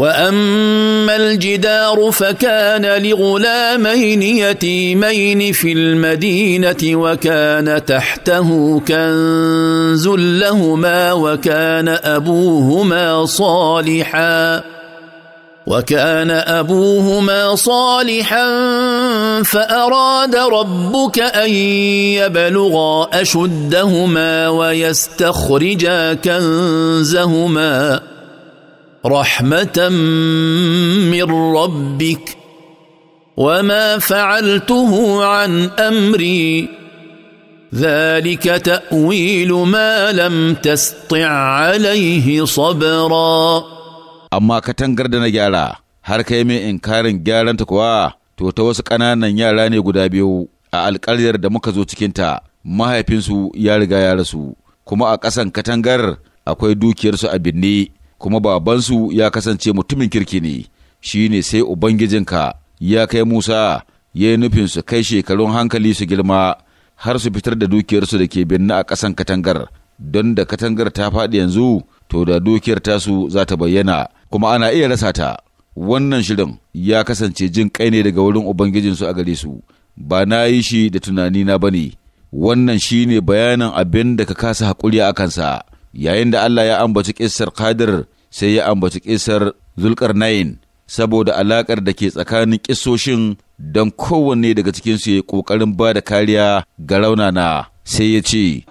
واما الجدار فكان لغلامين يتيمين في المدينه وكان تحته كنز لهما وكان ابوهما صالحا وكان ابوهما صالحا فاراد ربك ان يبلغا اشدهما ويستخرجا كنزهما رحمه من ربك وما فعلته عن امري ذلك تاويل ما لم تسطع عليه صبرا amma katangar da na gyara har kai mai inkarin gyaranta kuwa to ta wasu ƙananan yara ne guda biyu a alƙaryar da muka zo cikinta mahaifinsu ya riga ya rasu kuma a ƙasan katangar akwai dukiyarsu a binne kuma babansu ya kasance mutumin kirki ne, shi ne sai Ubangijinka ya kai Musa ya yi nufin su kai shekarun hankali su girma har su fitar da dukiyarsu da ke binne a ƙasan katangar, don da katangar ta faɗi yanzu to da dukiyar tasu za ta bayyana kuma ana iya rasa ta. Wannan shirin ya kasance jin kai ne daga wurin Ubangijinsu a gare su, ba na yi shi da tunani ba ne, wannan shi ne bayanin abin da ka kasa haƙuri a kansa. yayin da Allah ya ambaci ƙisar Qadir sai ya ambaci ƙisar zulkar Nain saboda alaƙar da ke tsakanin ƙisoshin don kowanne daga cikinsu ya ƙoƙarin ba da kariya ga raunana sai ya ce